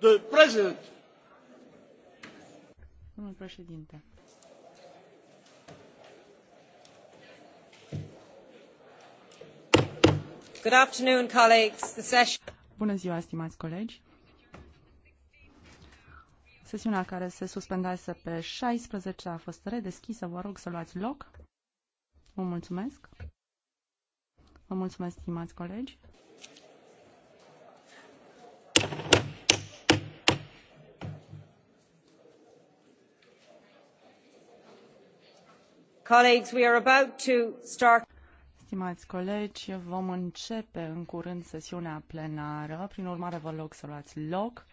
the president. Domnul președinte. Good afternoon, colleagues. The session... Bună ziua, stimați colegi. Sesiunea care se suspendase pe 16 a fost redeschisă. Vă rog să luați loc. Vă mulțumesc. Vă mulțumesc, stimați colegi. Stimați colegi, vom începe în curând sesiunea plenară. Prin urmare, vă rog să luați loc.